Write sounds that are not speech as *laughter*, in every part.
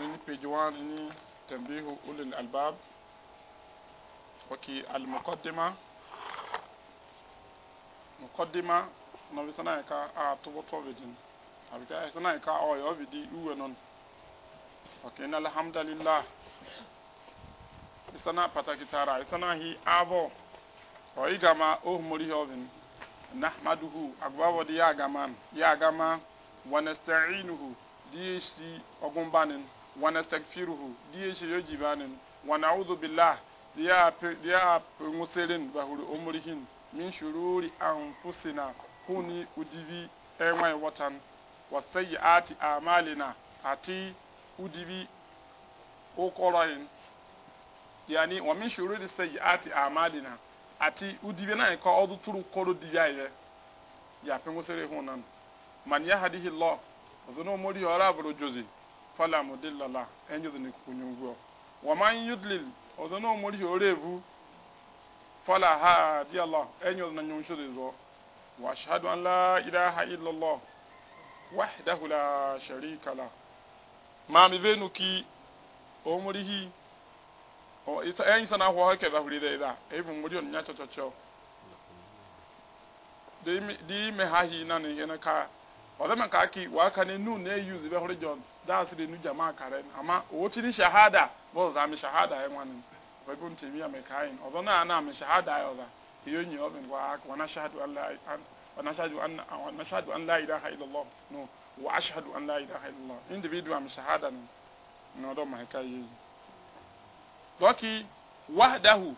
ani ni page one ni tambihu ulil albab oki al muqaddima muqaddima no bi sana ka a to bo to bidin abi ka sana ka o yo bidi uwe non oki na alhamdulillah isana pataki tara isana hi abo o igama o oh mori hovin nahmaduhu agbabo di ya gaman ya gama wa nasta'inuhu di si ogun banin ونستغفره دي شيو جيبان ونعوذ بالله ديا ديا مسلين بهور عمرهن من شرور انفسنا هوني وديبي ايوان وطن وسيئات اعمالنا ati udibi okoroyin yani wa min shururi sayyiati amalina ati udibi na ka odu turu koro di ya ye ya pe ngosere hu nan man yahdihi allah ozono mori ora abro fala mudillala enyo ni kunyunguo wa man yudlil odono mori orevu fala ha di allah enyo na nyunsho zo wa ashhadu an la ilaha illa allah wahdahu la sharika la ma mi venu ki o mori hi o isa enyi sana ho hake za hulide ida ebu mori on nyacho chocho di me ha hi na ni ka ɔdɛmɛ kaaki waka ne nu ne use bɛ hore john daasi de nu jama kare ama owoti ni shahada bɔl zaa shahada yɛ ŋwani ɔbɛbi mu tɛmi ame kaayin ɔdɔ na ana mi shahada yɛ ɔza eyo nyi ɔbɛn waa wana shahadu an la an wana shahadu an wana shahadu an la ilaha illallah no wa ashahadu an la ilaha illallah individual mi shahada no na ɔdɔ maa ka yie dɔki wahdahu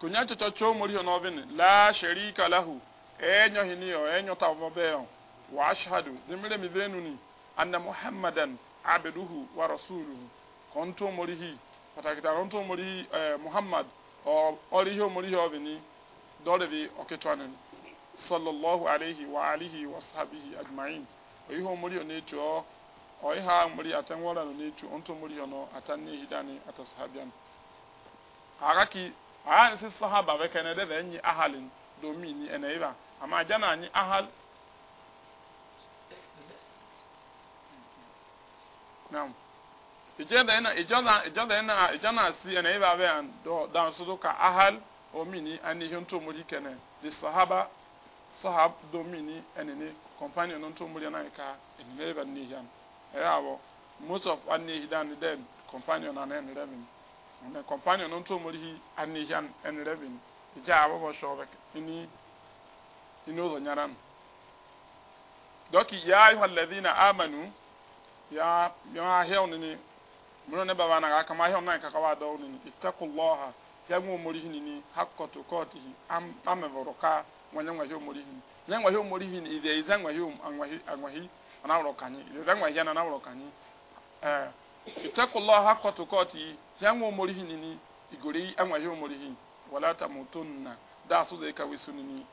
konya tɔtɔ tso mori hɔ n'ɔbɛn la sherika lahu ɛɛ nyɔhi ni yɔ ɛɛ nyɔta ɔbɛ yɔ. وأشهد نمرة مذينني أن محمدا عبده ورسوله كنت مريه فتاكتا كنت مريه محمد أريه مريه أبني دولي أكتوانن صلى الله عليه وآله وصحبه أجمعين أيه مريه نيتو أيه مريه أتنورا نيتو أنت مريه نو أتنيه داني أتصحابيان أراكي أراكي sahaba bɛkɛ ne de bɛ nyi ahalin domin ni ɛnɛ yi ba amma jana nyi ahal Naam. Ije da ina ije da ije da ina ije na si ina iba be an do da so do ka ahal o mini ani hin to muri kene. Di sahaba sahab do mini ene ne companion on to muri na ka ene ne ba ni yan. Era wo most of ani hidan dem companion an ene revin. Ne companion on to muri hi ani yan ene revin. Ije awo bo sho be ni ino do nyaran. Doki ya ayyuhal ladina amanu ya ya hel ni mun ne baba na ka ma hel na ka ka wa ni ittaqullaha ya mu mori ni ni am am voroka wanya ngwa ni ngwa ni ide ngwa hi angwa hi ana woro kanyi ide iza ngwa hi ana woro kanyi eh ittaqullaha na to ya mu mori ni ni igori angwa eh, hel mori ni wala tamutunna da su zai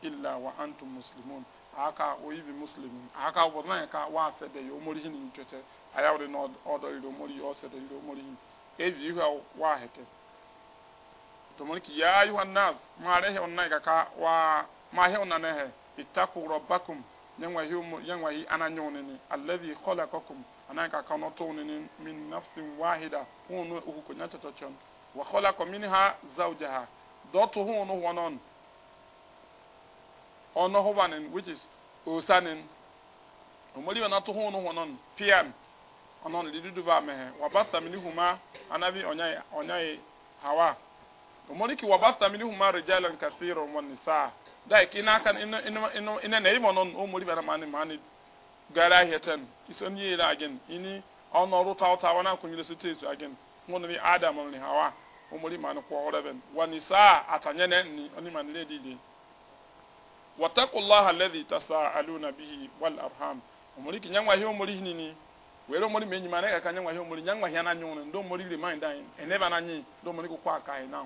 illa wa antum muslimun aka oyibi muslimin ka wa fede yo ni tete ayawde no oɗo iɗo mori yo seeɗa iɗo mori him e evi ihuwa wa hete to moni ki ya ayuha nnas maare he onnay ka ka wa ma he onnane he ittaku rabbakum yangwa hi yangwa hi ana nyonene alladhi khalaqakum anan ka kano tonene min nafsin wahida hunu uhu ko nyata to chon wa khalaqa minha zawjaha dotu hunu wonon ono hobanen which is osanen omori wa na hunu wonon pm ono ne dudu ba mehe wabasta huma anabi onyaye onyaye hawa umoriki wabasta minihuma rijalan kathiran wan nisaa dai ki kina kan ina ina ina ne imo non umori bara mani mani gara heten ison yi ila again ini ono ruta uta wana kunyile sute su again ngono ni adam ni hawa umori mani ko oreben wan nisaa atanyene ni oni mani lady di wataku wataqullaha alladhi tasaaluna bihi wal arham ki nyangwa hiyo umori ni were omori menyi mara ga kanya ngwahia omori nyangwa hia na nyone ndo omori remind ayin eneba na nyi ndo omori ko kwa kai na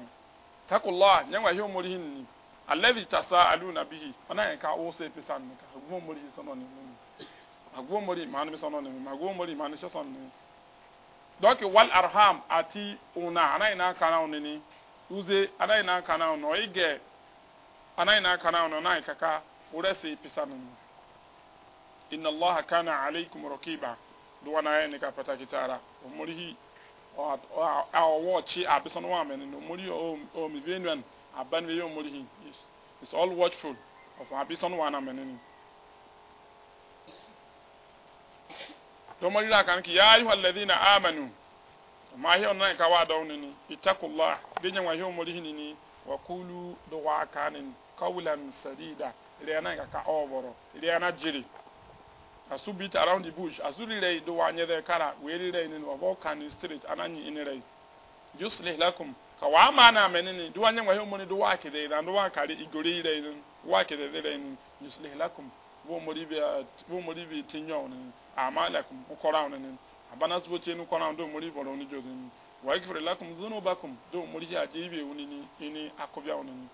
takullah nyangwa hia omori hinni alladhi tasaaluna bihi ona ka o se pesan ka gwo omori sono ni mu agwo omori manu sono ni mu agwo omori manu so sono ni doki wal arham ati una anai na kana onini uze anai na kana ono ige anai na kana ono na kaka uresi pesan ni inna allaha kana alaykum raqiba duwana ni nika pata kitara omori hi a ọwọ chi abisa no amene no omori o mi venuen aban we omori hi is all watchful of abisa no wana amene ni domori la kan ki ya ayu alladhina amanu ma hi onan ka wa dawo ni itakullah de nyanwa hi omori hi ni wa qulu duwa kanin qawlan sadida ile anan ka ka oboro ile anan jiri asu beat around the bush asu rirei do wanye dhe kara we rirei nini wavo kani street ananyi inirei yuslih lakum ka wa maana menini do wanye ngwahi umuni do wake dhe idhan do wakari igori irei nini wake dhe dhirei nini yuslih lakum wo moribi tinyo nini ama lakum ukora nini abana subo chenu kora ndo moribi wala unijo nini wa ikifre lakum zunubakum do moribi ajibi unini ini akobya unini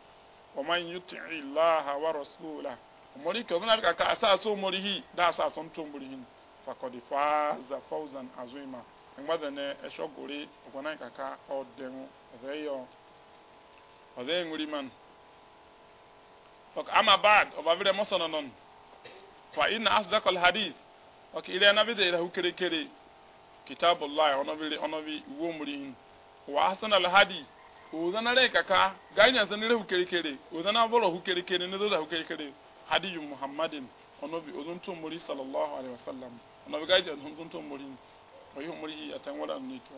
wa man yuti'i allaha wa rasulahu umuri ke obuna bika ka asa so umuri hi da asa so ntu umuri hi fakodi fawzan azima ngbaza ne kaka odenu ozeyo nguri man ok ama bad obavire mosono non fa inna asdaq al hadith ok ile na bide ila hukere kere kitabullah ono bile ono wo wa asan al hadith ozana re kaka ganya hukere kere bolo hukere kere ne hadiyu muhammadin onobi ozuntun muri sallallahu alaihi wasallam onobi gaji ozuntun muri oyi muri atan wala ni to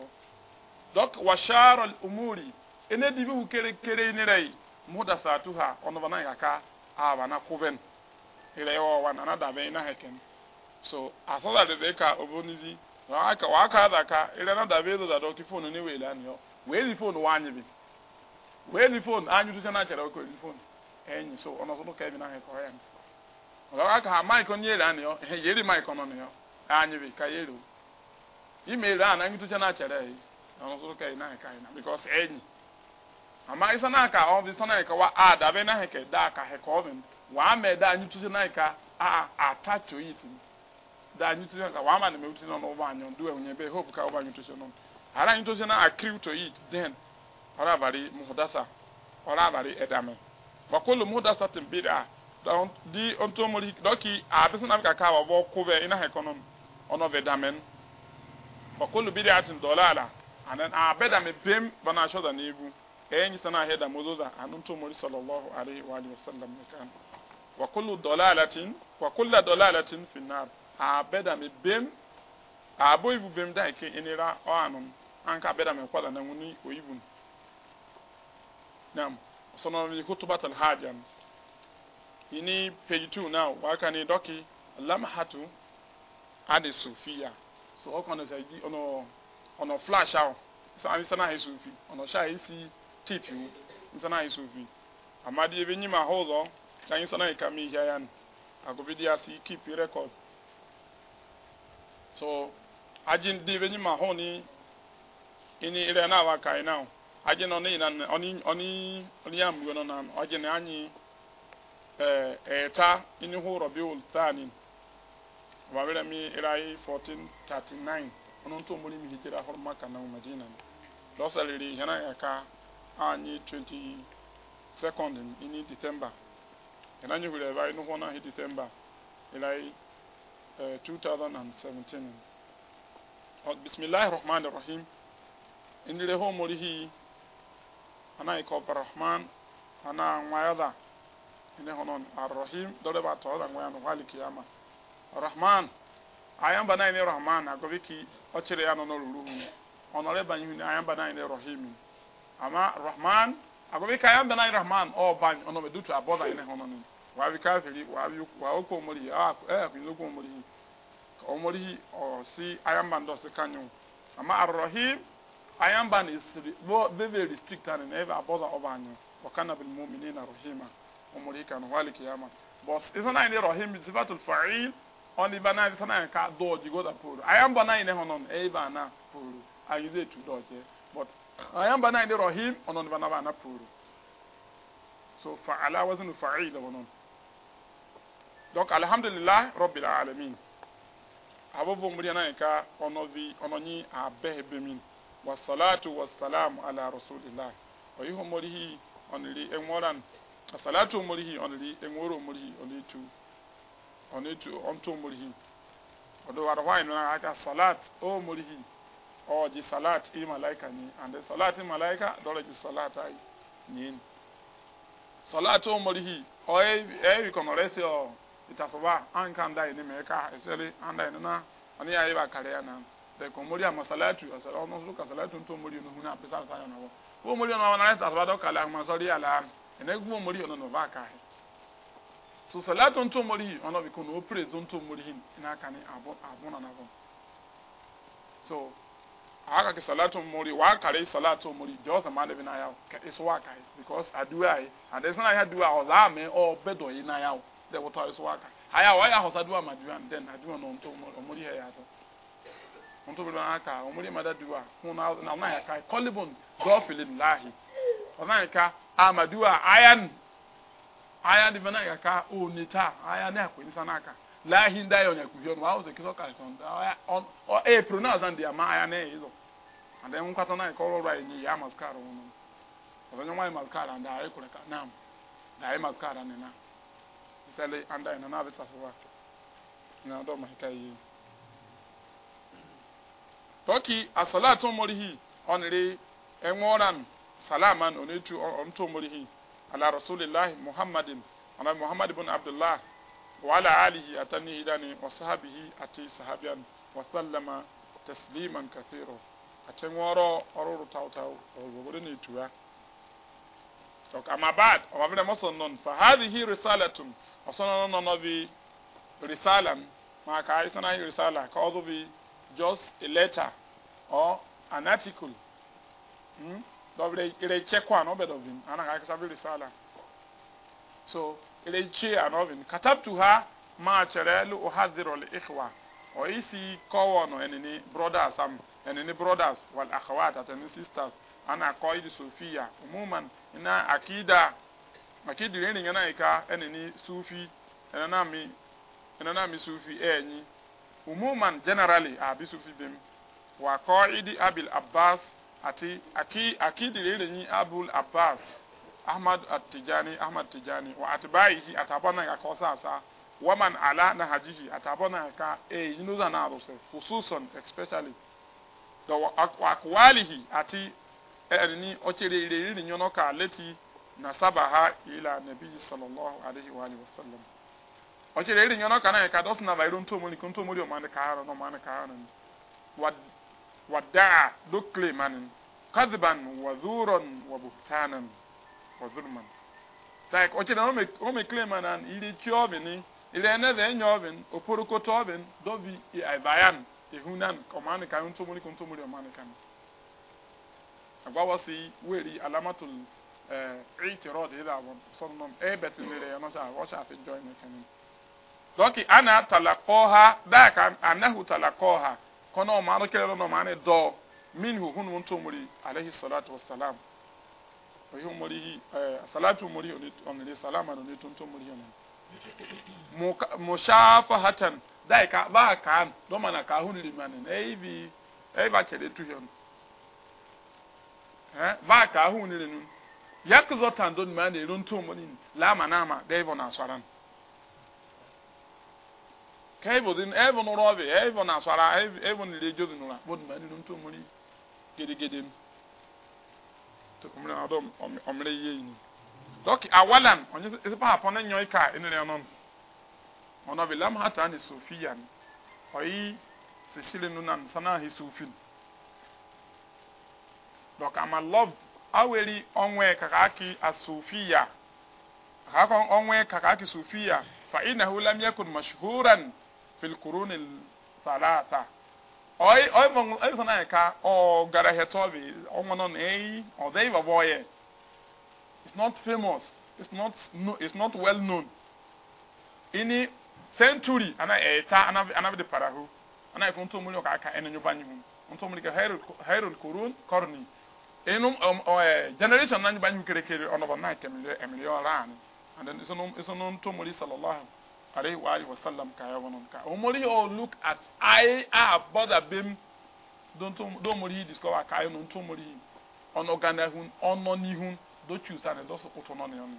dok wa sharal umuri ene dibi hu kere kere ni rai muda satuha ono bana yaka a bana kuven ile wa wana na da bai na heken so asoda de beka obonizi wa aka wa aka da ka ile na da bai da doki phone ni wela ni yo weli phone wanyi bi weli phone anyu tu na kere ko phone enyi so ono so no ka bi na he ko hen ola aka ha maik onye ra ni *laughs* yo he yeri mike ono ni yo anyi bi ka yeru email a na ngitu cha na chere yi ono so ka na he na because enyi ama isa na ka on bi so na ka wa ada na da ka he ko bi wa me da anyi tu na ka a attach to it da anyi tu ka wa ma na me tu no no ba anyo do e hope ka wa anyi tu ara then wakulu muda satin bid'a di onto mori doki a bisan afika ka wa bo kube ina he konon ono be damen wakulu bid'atin dolala anan a be da me bem bana shoda ne ibu e nyi sana he da mozoza anun to mori sallallahu alaihi wa alihi wasallam kan wakulu dolalatin wakulu dolalatin fi nar a be da bem a bo ibu bem da ke inira o anun an ka be da me na nguni oyibun nam sonon yi kutubatul hajan yini page 2 now waka ni doki lamhatu adi sufiya so o kono sai ono ono flash out so ami sana sufi ono sha hi si tip yu sana hi sufi amadi ebe ma hozo tan sana hi kami ya yan agobidi asi keep record so ajin di ebe nyima ho ni ini ire na waka now aje na ọnụ ịna ọnị ọnị ọnị ya mgbe nọ na aje na anyị ee eh, eta eh, inihu rọbi ultani wabere mi irayi 1439 ọnụ ntụ mmiri mi hijira hụrụ maka na madina lọsaliri ihe na ya ka anyị 22nd ini december ina anyị hụrụ ebe anyị hụ na hi december irayi 2017 eh, bismillahir rahmanir rahim indire ho morihi ana ikopa rahman ana ngwayada ene honon arrahim dole ba to ran ngwayano wali kiyama rahman ayan bana ine rahman agobiki ochire ya no ruru onore banyi ni ayan bana ine rahim ama rahman agobika ayan bana rahman o ban ono be dutu aboda ine honon wa bi kafiri wa bi wa oko mori ah eh bi loko mori omori o si ayan bandos kanyo ama arrahim ayan ban is very restrict and never about over any wakana bil mu'minina rahima umurika na wali kiyama boss isn't any rahim is fa'il on the banana is na ka do go da puru ayamba ban any ho non e na puru i use it but ayamba ban any rahim on on banana na so fa'ala wazn fa'il wonon alhamdulillah alamin ka wasalatu wasalamu ala rasulillah oyiho morihi oniri enworan asalatu morihi oniri enworo morihi onitu onitu onto morihi odo waro wa ina aka salat o morihi o ji salat i malaika ni and the salat i malaika dole ji salat ai ni salat o morihi o e e ko no o itafoba an kan dai ni meka ka an dai na ani ayi ba kare na tẹkọ mori a masalatu asala ọmọ sọrọ kasalatu ntọ mori ọnà hun apẹsẹ alasa yọ nọwọ fún mori ọnà wọn aláìsí asọba dọkàlẹ àwọn sọrí àlà ẹnẹgún mori ọnà nọva káyé so salatu ntọ mori yìí ọnà bìkún ní ó pèrè tó ntọ yìí iná kan ní abọ so àwọn salatu mori wàá kàrí salatu mori jọ sàmà lẹbi náà yà ó èso wà káyé because àdúrà yìí ntụbiri n'aka ọmụrụ mmadụ duwa hụ na na ọ ọnaghị aka kọlibun dọfilin lahi ọnaghị ka amadiwa ayan ayan dị benaghị aka one taa ayan ya kwenye sa n'aka lahi ndị ayọ nyakwuhie ọnụ ahụ zekịsọ kalịsọ ọ ee pronounce ndị ama ayan ya ịzọ and then nkwata na ịkọ ọrụ anyị ya maskara ọnụ ọzọ nwa ya maskara ndị anyị kwere ka nam na anyị maskara nị na isele ndị anyị na na-abịa tasowa na ọdọ mahịka ihe toki asalatu morihi onri enworan salaman onetu onto morihi ala rasulillahi muhammadin ana muhammad ibn abdullah wa ala alihi atanihi dani wa sahabihi ati sahabian wa sallama tasliman kathiro atenworo oruru tawtaw ogobore ne tuwa tok ama bad o mabere moson non fa hadhihi risalatun osono non bi risalan ma ka isana risala ka ozo bi just a letter or an article hmm? dɔbile ire tse kɔ anɔ bɛ dɔbin ana ka kasabi risala so ire tse anɔ bin katabtu ha maa kyerɛ lu o ha zero le ikhwa o yi si kɔwɔ no ɛni brothers am um, enini brothers wal akhawat ati ni sisters ana kɔ yi sofiya umuman ina akida akidi rin rin yana ika enini Sufi sufi na mi na mi sufi ɛɛnyi. Eh, umuman generally a ah, bisu fi bim wa qaidi abil abbas ati aki akidi leleyin abul abbas ahmad at-tijani ahmad tijani wa atba'ihi atabana ka kosa sa waman ala na hajihi atabana ka e eh, yinuza na aruse hususan especially da wa akwalihi ati erini ẹni ọkẹrẹ ìrẹ̀rẹ̀ leti na nasabaha ila nabiyyi sallallahu alaihi wa sallam ɔkyerɛ eri nyɛ n'ɔka n'ayɛ e ka dɔsɔ na vayiru ntomori ko ntomori ɔmane kaara na ɔmane kaara no wa wadaa do kile mane kaziban wazuron wabuhtanan wazurman like ɔkyerɛ na ɔmɛ kile mane an iri tsi ɔbini iri ɛnɛ zɛ enyo ɔbin oporokoto ɔbin dɔbi ɛbayan ehunan ɔmane ka ntomori ko ntomori ɔmane ka no agbawo si weri alamatul ɛɛ eh, ɛyitiri ɔdi yɛ la wɔn sɔnnɔm ɛyɛ e bɛtinire yɛ n'ɔsɛ a wɔsɛ afi join ne kɛnɛ dɔki ana talakɔha daaka anahu talakɔha kɔnɔ ɔmaano kɛlɛ lɛ ɔmaano dɔɔ minhu hunu wɔn tomori alehi salatu wa salam oyi omori yi ɛɛ salatu omori ɔnere salama na ɔnere tontomori yɛn musaafa hatan daika baa kaan dɔma na kaa hunu limani na eyi bi eyi ba kyerɛ tu yɛn ɛɛ baa kaa hunu lenu yakuzɔ tan do nimani na eru ntomori laama naama dɛɛ e bɔ na asɔran. kaibo e din ebo no robe ebo na swara ebo e ni lejo din na bod ma ni ntu muri gede gede to kumre adom omre ye ni dok awalan onye se pa apon na nyoy ka enere onon ono bi lam hata ni na oyi se shile nu nan sana hi sufin dok ama loved aweri onwe kakaki asufiya kakon onwe kakaki sufiya fa innahu lam yakun mashhuran fil kuruni salata oy oy mon ay sona ka o gara heto bi o ngono nei o it's not famous it's not it's not well known ini century ana eta ana ana de parahu ana ko ntum mulio ka ka enyo banyi hu ntum mulio hayrul hayrul kurun qarni enum o um, um, eh, generation nan banyi kere kere ono ba na kemire emire o ran and then it's on it's on ntum mulio sallallahu alayhi wa alihi wa sallam ka yawa non ka omori o look at i a bother bim don to do mori discover ka yon to mori on organize hun on no ni hun do choose an do so to no ne on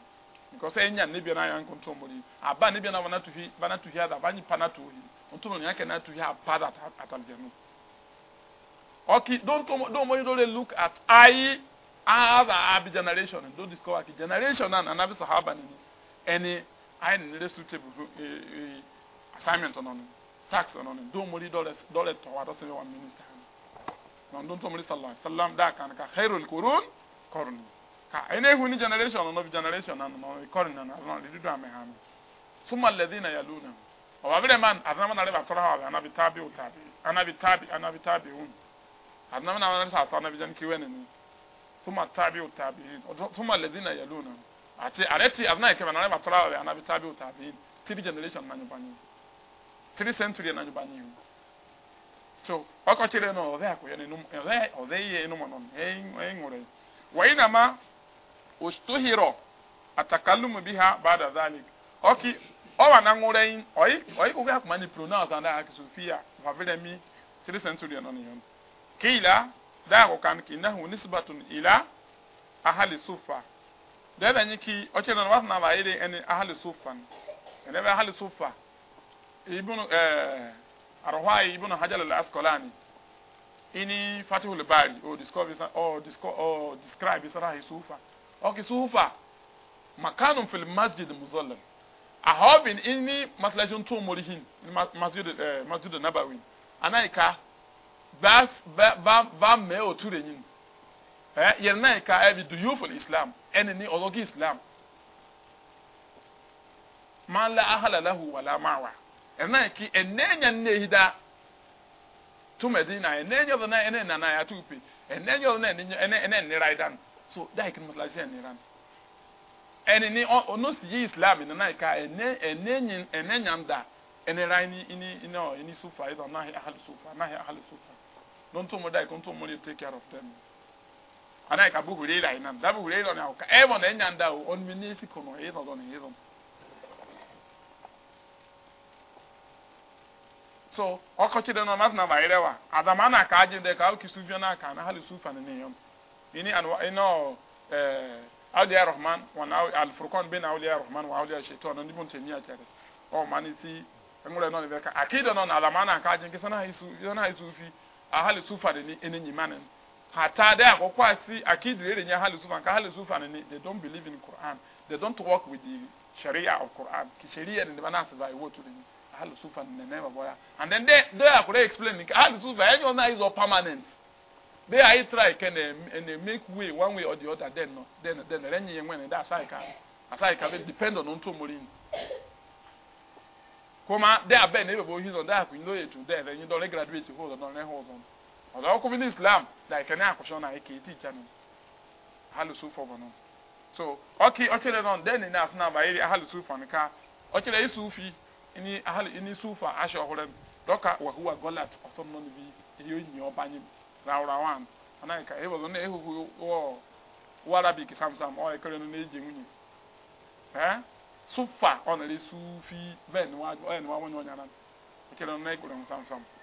because enya ne bia na yan ko to mori aba ne bia na wana to hi bana to hi ada bani pana to hi on to no yake na to hi aba that at al jenu okay don to do mori do look at i a have a generation do discover ki generation na na bi sahaba ni any ayé ní lè suitable fún assignment ọ̀nà ni tax ọ̀nà ni dóò mórí dọ́lẹ̀ tọ̀ wá dọ́sẹ̀ wà mínísítà ni nà ndó tó mórí sàlám sàlám dáa kan ká xeyro kóró kọrò ni ká ẹni ehu ni generation ọ̀nà bi generation nà nà kọrò nà nà nà lè dídú àmì hàn mi súnmọ́ lẹ́dí nà yàlú nà ọ̀wà abẹ́rẹ́ man àtàwọn nàlẹ́ bá tọ́lá wàbẹ̀ anabi tábì oh, ò tábì anabi tábì anabi tábì hùn àtàwọn nàlẹ́ sàtọ́ anabi jẹ́ ní kíwẹ́ nìyí súnmọ́ tábì ò tábì hùn súnmọ́ ati areti abna ike mana ba tora ya na bitabi utabi three generation na nyubani three century na nyubani so oko chire no ode akoye ne num ode ode ye no monon hein hein ngore wa ina ma ustuhiro atakallumu biha ba'da zalik oki o wa na ngore in oi oi ko ga kuma ni pronounce and ak sofia va vele mi three century na nyon kila da ko kan kinahu nisbatun ila ahali sufa dɛbɛ nyi ki ɔkyɛ na wasana aba ayɛ de ɛne ahali sofa no ɛnɛ bɛ ahali sofa ibunu ɛɛ eh, arahwaayi ibunu hajjal alaskolani ini fatihul baari o discover isa o disco o describe israhi sofa ɔki sofa makanum fil masjid muzallam ahobin ini masalacin tó morihin masjid ɛɛ eh, masjid nabawi anayika ba ba ba mɛ o ture yin ɛ yɛrɛ nayika ɛbi duyuful islam ẹni ní ọlọ́gí islam máa ń la ahalalahu wàlá máa wà ẹ̀nà ìkí ẹ̀nà ẹ̀nyà ní èyí dá túmọ̀ ẹ̀dín náà ẹ̀nà ẹ̀nyà ọ̀dọ̀ náà ẹ̀nà ẹ̀nà náà yàtọ̀ ìpè ẹ̀nà ẹ̀nyà ọ̀dọ̀ náà ẹ̀nà ẹ̀nira ẹ̀dá nù so dáì kí ni mọ̀tàlá ṣe ẹ̀nira nù ẹni ní ọ̀nà sì yí islam ẹ̀nà ìka ẹ̀nà ẹ̀nyà ń dà ẹ̀nira ẹni ẹni sufa ẹ̀dọ̀ náà ahàlù sufa náà ahàlù sufa don't tó mo dáì kó tó mo ní take care of them ana ka bu hurera inan da bu hurera na ka e wona enya nda o on mi ni si kono e do don e do so okochi de no nas na baire wa adama na ka aje de ka o kisu vio na ka na halu ni ne yom ini anwa ino eh awliya rahman wa na al furqan bain awliya rahman wa awliya shaytan ni bun temiya tare o maniti ngure no ne ka akido no na adama na ka aje ke sana hisu yo na hisu fi ahali sufa de ni enenyi manen hata dai akɔkɔ asi akidire de nye hali sufa ka hali sufa ne they don't believe in quran they don't work with the sharia of quran ki sharia ne ba na asesa ewo to de ne hali sufa ne ne ba boya and then they they akɔrɔ explain ne hali sufa ɛni ɔna is all permanent they are try can they make way one way or the other then no then then ɛrɛ nye nwene da asai ka asai ka they depend on onto mori kuma they abɛn ne bɛ bɔ hizɔn they akɔ ndoye to there ɛnyi dɔn ne graduate hɔ dɔn ne hɔ dɔn. ọ̀dọ̀ ọkọ̀ bíi ní islam láì na ní àkọ́ṣọ́ náà èké tí ìjà nù ahàlùsù nù so ọkì ọ̀kyẹ̀rẹ̀ náà náà àbá yìí ní ní aṣọ mi níbi èyí yìn ọba yẹn ráúrá wàn anáyíká èyí wọ́n náà ehuhu wọ́ wọ́ arabic samsam ọ ẹ̀kẹ́rẹ́ nù nwunye ẹ́ ọ ọ̀nà lè sùfì ni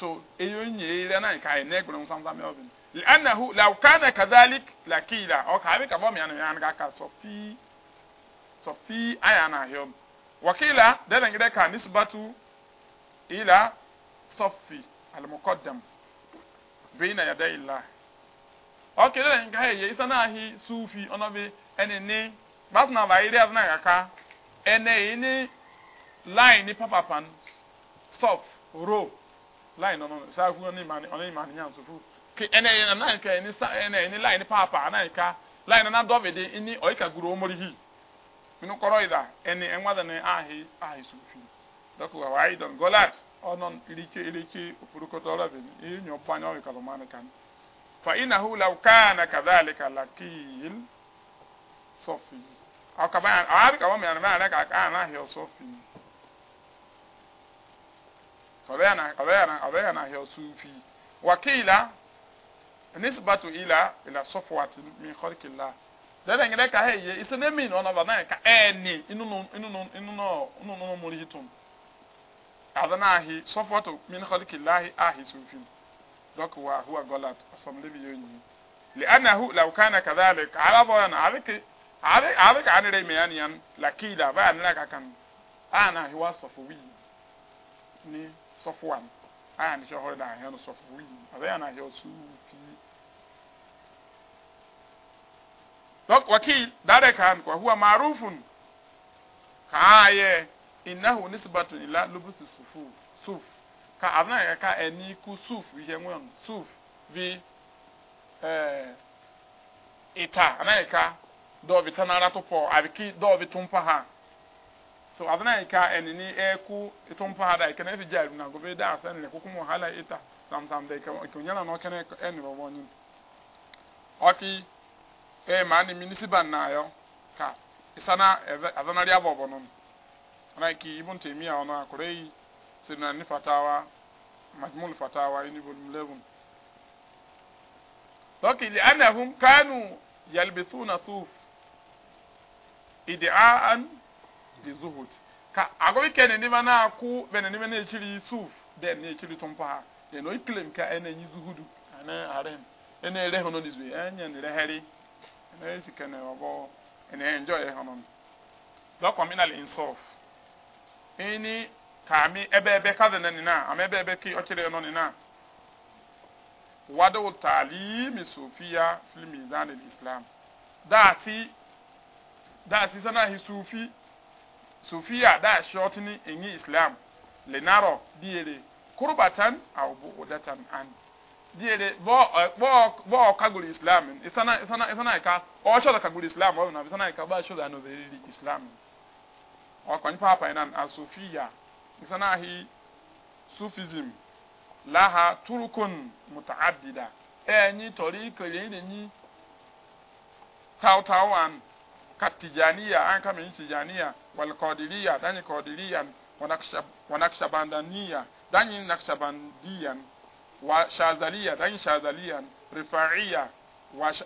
so eyo nyere ire na nka ene gure nsam sam yobin li'annahu law kana kadhalik lakila o ka bi ka bom yanu yan ga ka so fi aya na yob wakila da nan gida ka nisbatu ila safi al muqaddam bayna yaday illah o ke da nan ga ye isa na hi sufi ono bi ene ni bas na ba ire azna ga ka ene ini line ni papapan soft rope line no no saa hu ma ni ɔne ma nyanso fu ke ka sa line papa na ka line na guru hi mino kɔrɔ yi da ɛne ɛnwa da ne ahe ahe so fi dɔkɔ wa waayi ka ọbẹyà na ahịa sufi wakila nisbatu ila ila sọfọwati mi kọrikila dẹdẹ ngẹdẹ ka hẹ yẹ isẹ ne min ọnọba náà ka ẹ ní inú nínú múri hitum adana ahi sọfọwatu mi kọrikila ahi sufi dọkọ wa huwa gọlat ọsọmọlẹbi yóò yin lẹ anahu làwùkánà kàdálẹ kàlàbọyà náà àbíkè àbíkè ànírẹ mẹyànìyàn làkìlà báyà nílẹ kàkàn ànà àhíwá sọfọwì ni sɔfoa no a ne hyɛ hɔ da ahɛ no sɔfo yi ɔbɛyɛ no ahɛ ɔso pii dɔk wakil dade kan kwa huwa marufun ka ayɛ innahu nisbatun ila lubusi sufu suf ka abna ya ka eni ku suf yi hɛ ŋwɛn suf bi ɛɛ eh, ita ana ya ka dɔɔbi tanara to pɔ abiki dɔɔbi tumpa ha so adana ika enini eku itumpa hada ikene efi jairu na gobe da asen ne kukumu hala ita sam sam de ka kunyana no kene eni robo nyi oki e mani minisiban na yo ka isana eh, adana ri abobo no ana ki ibun temi a ona akurei sirna ni fatawa majmul fatawa ini volume 11 Toki li anahum kanu yalbisuna suf ida'an di zuhud ka agobi ke ne nima na aku be ne nima na echiri yusuf de ne echiri tumpa ha de no claim ka ene nyi zuhudu ana harem ene ere hono dizu anya ne rehari ene sika ne obo ene enjoy e hono do kwa mina le insof ini kami ebe ebe kaza na nina ama ebe ebe ki ochire no nina wadu talimi sufiya fil mizan al islam dati dati sana hisufi sufiya da shortini in islam lenaro diere kurbatan aw bu'datan an diere bo eh, bo bo kagul islam isana isana isana ka o shoda kagul islam o na isana ka ba shoda no very islam o ko ni papa ina asufiya isana hi sufism laha turukun mutaaddida enyi tori ko ni ni tawtawan katijania an kama yin tijania wal qadiriya dani qadiriyan wa nakshabandaniya dani nakshabandiyan wa shazaliya dani shazaliyan rifaiya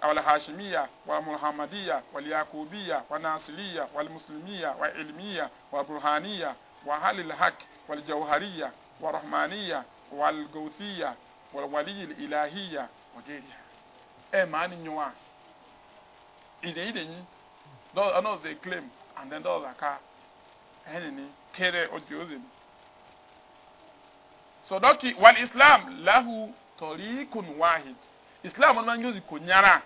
والهاشمية والمحمدية واليعقوبية والناصرية والمسلمية والعلمية والبرهانية وهل الحق والجوهرية والرحمانية والغوثية والولي الإلهية وغيرها أي معنى نيوان إذا إذا Those, and those they claim, and then those are car. enemy kere ojozin. So doki wal Islam lahu tariqun wahid. Islam on man yuzi kunyara.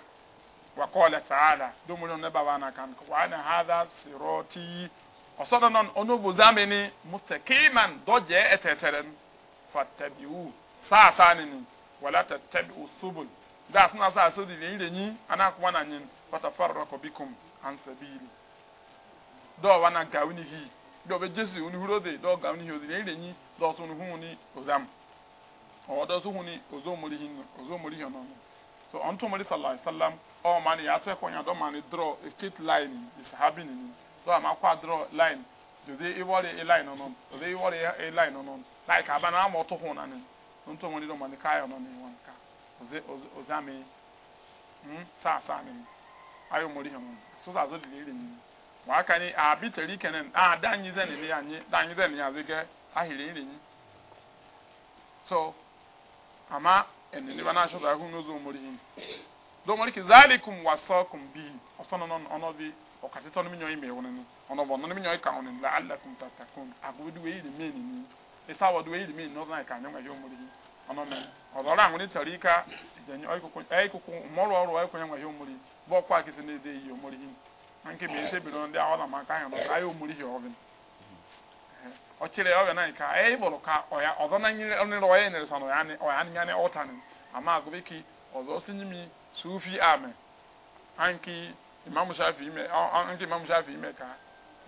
Wa qala ta'ala dumulon ne baba na kan wa ana hadha sirati osodo non onobu zameni mustaqiman doje eteteren fattabi'u sa sanini wala tattabi'u subul da suna sa so di ni ana kuma na nyin fatafarraqu bikum an sabili na wana gawo ni hi dɔw bɛ jesu ni huro de dɔw gawo ni hi ozini eyi lenyi dɔw so ni hun ozam ɔwɔ dɔw so hun ozo mori hi ozo mori hi ɔnɔnɔ so ɔn tó mori sallallahu alayhi wa sallam ɔwɔ ni yasɔ ɛkɔ nya ni draw straight line isahabi a ma kɔ a line jose iwɔri e line ɔnɔn jose iwɔri e line like abana ama ɔtɔ hun na ni mori hmm, ni wɔn ka ozami hmm saa saa nini ayo mori sosa zo diliri ni wa aka ni a bi tari kenen a da nyi ze ni ya nyi da nyi ya zige a hiri ni ni so ama eni ni bana shoda hu no zo mori hin do mori ki zalikum wasakum bi osono non ono bi o kati to mi nyoy me wona ni ono bo non mi nyoy ka wona la allakum tatakun agudu we ni me ni ni isa wodu we ni me no na ka nyoma yo mori hin ono me o do ra ngun tari ka je ni ko ko ay ko ko moro oro ay ko nyoma yo mori hin bɔ kɔ na ne de yi omori hin anke mi ndị bidon de awon ma ka yano ayo omori hin ovin ɔkyerɛ ɔyɛ nan ka ɛyɛ bɔlɔ ka ɔya ɔdɔ na nyere ɔne ɔyɛ ɔyani ɔyani ama ki ɔdɔ imamu shafi ime imamu shafi ka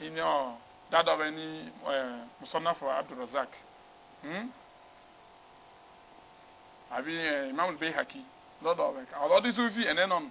ini ɔ dada ɔbɛ ni ɛɛ e, musonafo abdulrazak hmm abi imamu haki lɔdɔ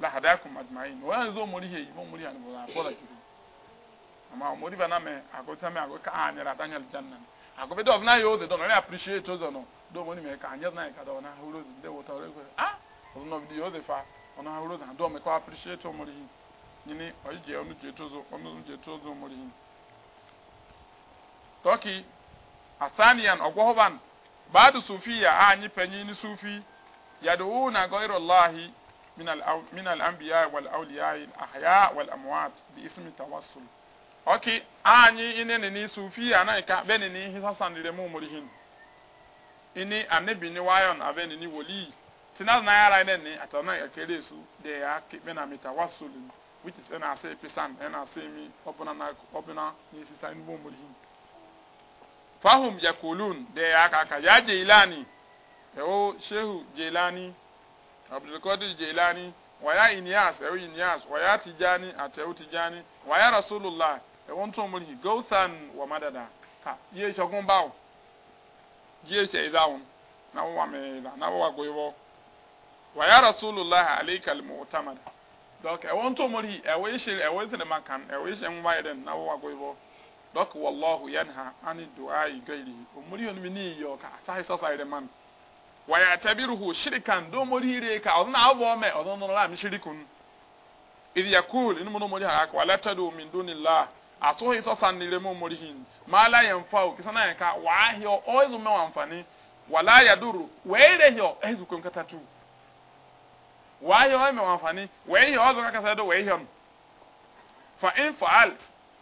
lahadakum ajma'in wa zo muri he muri an bola bola ama muri bana me agota me janna na yo de do na appreciate ozo no do me ka na ka do na huru de wo tore ko ah ozo de fa ona na do me ko appreciate muri oje onu je onu je muri toki asanian ogwohoban baadu sufiya anyi penyi ni sufi من الأو... من الأنبياء والأولياء الأحياء والأموات باسم التوسل أوكي أني إنني ني صوفي أنا إكا بني هسا حسن لمو مريهن إني النبي بني وايون أبني ني ولي تنال نايرا إنني أتونا إكريسو دي أكي بنا متوسل which is أنا أسي بسان أنا أسي مي أبنا ناك أبنا ني سيسان مو مريهن فهم يقولون دي أكا يا جيلاني أو شيخ جيلاني abdulkadir jelani waya inyas ɛwɔ inyas waya tijani ati ɛwɔ tijani waya rasulillah ɛwɔ ntɔnmuli hi gawusan wɔ madada ha yie sɔkun bawo yie sɛ idawun na wɔn wa mɛɛla na wɔn wa goyibɔ waya rasulillah aleikali mɔtamada dɔk ɛwɔ ntɔnmuli hi ɛwɔ ehyɛ ɛwɔ esinima kan ɛwɔ ehyɛ nwaa yɛrɛ na wɔn wa goyibɔ dɔk wɔlɔhu yanha ani du'a yi gayiri omuli yɛ ni mi ni yi yɛ ɔka ata yi sɔsa yɛrɛ man wayatabiruhu shirikan do mori hire ka ɔno na awɔ mɛ ɔno no la mi shirikun idi yakul inu no mori haka wala tadu min dunillah aso hi so san nire mo mori hin mala yan fa o kisana yan ka wa hi o o izu me wan fani wala yaduru weire hi o ezu kon kata tu wa hi o me wan fani we hi o zo ka kasa do we hi on fa in faalt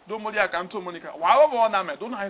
do mori haka antu monika na me do na hi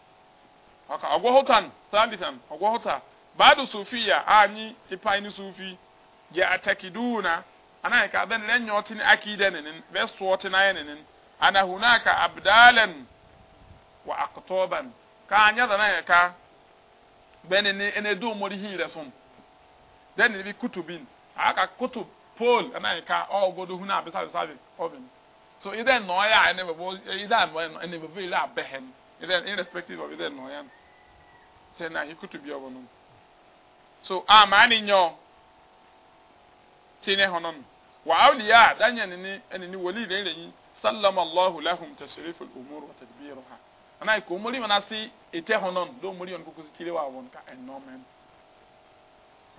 ɔka ɔgɔhotan saa bisan ɔgɔhota baadu sufi a anyi nipa ne sufi yɛ atakiduuna ana yɛ ka adɛ ne nyɛ ɔte ne akida ne ne bɛ soɔ te n'ayɛ ne ne ana hunaka abdalan wa akotɔban ka anya dana yɛ ka bɛ ne ne ɛna edu omori rɛ som dɛ ne bi kutubin aka kutub pole ana yɛ ka ɔgɔdo oh, hu na abisa abisa bi ɔbɛn so idɛ nnɔɔ yɛ bɛ bɔ idɛ nnɔɔ yɛ bɛ bɔ ilɛ abɛhɛn idɛ irrespective of idɛ nnɔɔ no tena hikutu bi ɔwɔ so a maa ni nyɔ tene hɔ nom wa awliya danya ne ni ɛne ne wali ne ne yi sallama allahu lahum tashriful umur wa tadbiruha ana ko mori mana si ete hɔ nom do mori on kukusi kire wa won ka enno men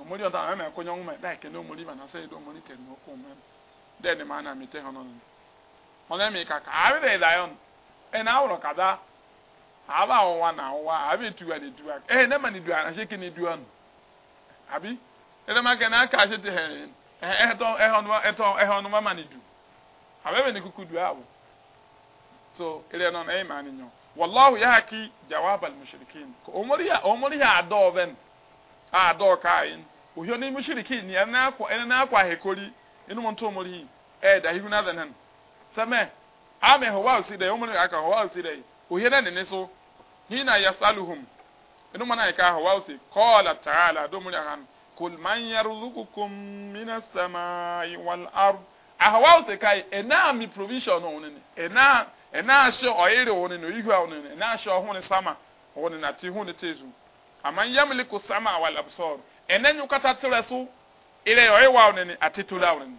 mori on ta na ko nyɔ mo da ke mori mana se do mori ke no ko men de ne mana mi te hɔ nom ona mi ka ka awe de lion en awro kada aba awọwa na awọwa aba etuwa na etuwa ee nema na eduwa ahye ke na eduwa no abi edema ke na aka ahye te hɛ eh, ɛhɛtɔ eh, eh, ɛhɔnoma ɛtɔ ɛhɔnoma ma na edu ne kuku du so ele no na ɛyima ne nyɔ haki jawab al mushrikin omori ya omori ya adɔɔ bɛn a adɔɔ kaayi ohio ne ni ɛna akɔ ɛna akɔ ahekori nto omori yi na adɛ nɛn sɛmɛ amɛ hɔ wa osi dɛ omori aka hɔ wa osi dɛ ohe na nene so hina yasaluhum inu mana ika ha wa usi qala ta'ala do muri han kul man yarzuqukum minas samai wal ard ahwa usi kai ena mi provision on ni ena ena asho oyire on ni ihu on ni ena asho ho ni sama on ni na ti hu ni tezu aman yamliku sama wal absar ena nyukata tresu ile oyewa on ni atitula on ni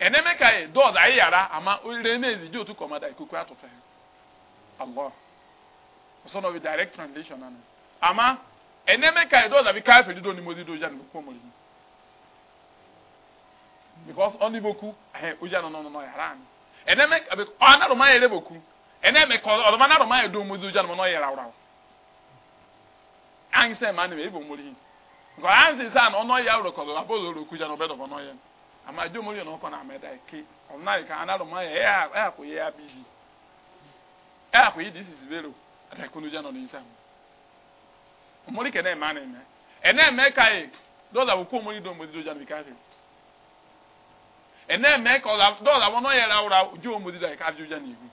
eneme ka anyị e, anyị yara ama ire na-ezi otu kọmanda ikuku atụta ya allah ọsọdọ bi direct translation na ama eneme ka anyị e, abi kaa fedi dọọdụ n'imozi dọọdụ n'ikwu yi because ọ n'ime okwu ahụ ụjọ nọ n'ọnụ yara anyị eneme ka ọ anarụ mma ya ere eneme ọdụm ụra ma nke ọnụ ama adwo mu yɛ na amɛ dan ke ɔna eya ka analo ma yɛ ɛyà ɛyà kò vero abili ɛyà kò yɛ di sisi belo ɛtɛ kunu gya ka yi dɔla wò kó ɔmɔli do di do gya ka se ka ɔla dɔla wɔn n'ɔyɛ la ɔra ojú ɔmɔli do ɛka adu gya n'ihu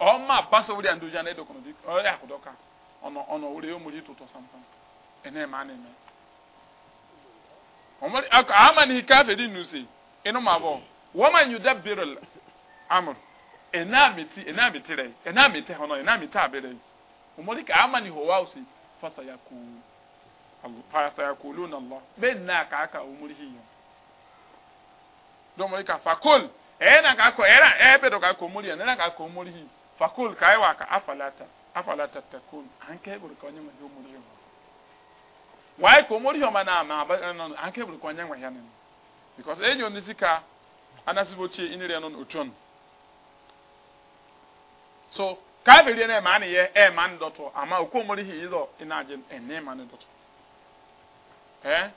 ɔma basawo de adu gya n'ɛdɔ kɔnɔ bi ɔyɛ akɔdɔ ka ɔnɔ ɔmɔde akɔ ama ne hika afɛdi nu se ɛnum abɔ wɔma nyu da biril amor ɛnaa mi ti ɛnaa mi ti rɛ ɛnaa mi ti hɔ no ɛnaa mi ti abɛrɛ ɔmɔde ka ama e e e ne hɔwa ose fasa ya kuu fasa ya kuu lona lɔ bɛn naa kaaka ɔmɔde hi yɛ dɔmɔde ka fakol ɛyɛ na kaakɔ ɛyɛ na ɛyɛ bɛ dɔ kaakɔ ɔmɔde yɛ ɛyɛ na kaakɔ ɔmɔde hi fakol kaayɛ wa ka afalata afalata takol anke bɔrɔ ka ɔnyɛ ma hi ɔmɔde yɛ hɔ. why ka omori homa na ama no anke bulu kwanya nwa ya nen because enyo nisika anasibochi inire no otron so ka beri na ma na ye e ma ndoto ama okwo omori hi izo inaje ene ma eh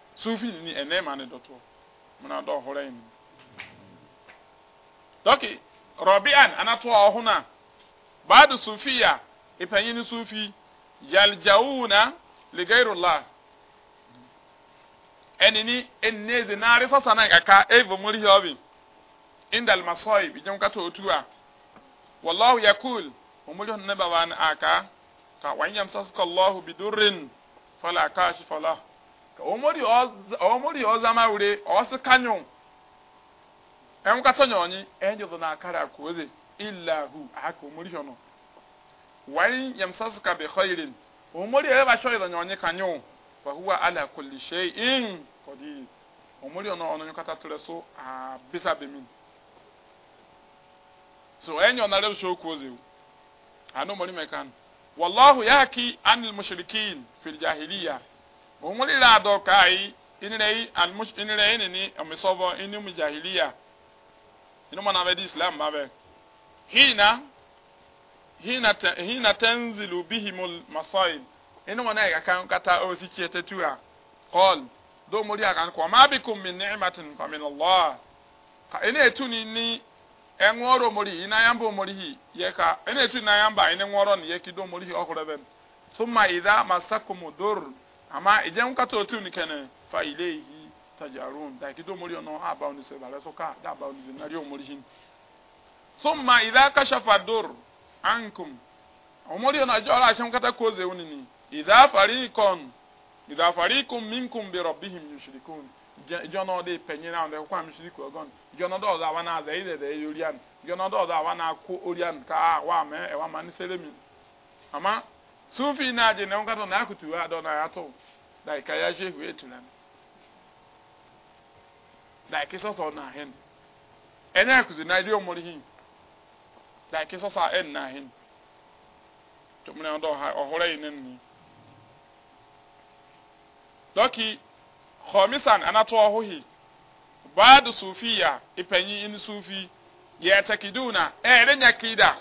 robian ohuna badu sufi yaljauna ɛnini eneze naare sasa na kaka evo mori hiobi indal masoi bijam kata otu a wallahu yakul omori hon neba wani aka ka wanyam sasuka allahu bidurin fala kashi fala ka omori omori ozama wure osu kanyo ɛmu e kata nyonyi enyo do na akara kuoze illa hu aka omori hono wanyam sasuka bi khairin omori eba shoyi do nyonyi kanyo fahuwa ala kulli shay'in qadir omori ona ono nyukata tore so a bisa bemin so enyo na rebu shoku ozewu anu mori mekan wallahu yaki anil mushrikin fil jahiliya omori la do kai inirei al mush inirei ni ni inu mu jahiliya inu mana ve islam mabe hina hina hina tanzilu bihimul masail inu wana ya kan kata o si ce ta tuwa qol do muri akan ko ma bikum min ni'matin fa min Allah ka ina etuni ni enworo muri ina yamba muri hi ye ka ina etuni na yamba ina nworo ni ye ki do muri hi okure ben thumma idha masakum dur ama ijen kata otuni kene fa ilayhi tajarun da ki do muri ono aba oni se bare so ka da ba oni na ri o muri hin thumma idha kashafa dur ankum omori ono ajora ashem kata koze unini idha farikon idha farikun minkum bi rabbihim yushrikun ijọ na ọdọ ipenye na ọdọ kwa mshiriku ogon ijọ awa na aza ide de yorian ijọ na awa na orian ka wa me ewa ma ni selemi ama sufi na na ngato na adọ na ato dai ka ya shehu na hen na hin dai kiso dɔki hɔmisan anato ɔhohi baadu sufiya ipanyi in sufi yɛtɛkiduna ɛyɛde nya kida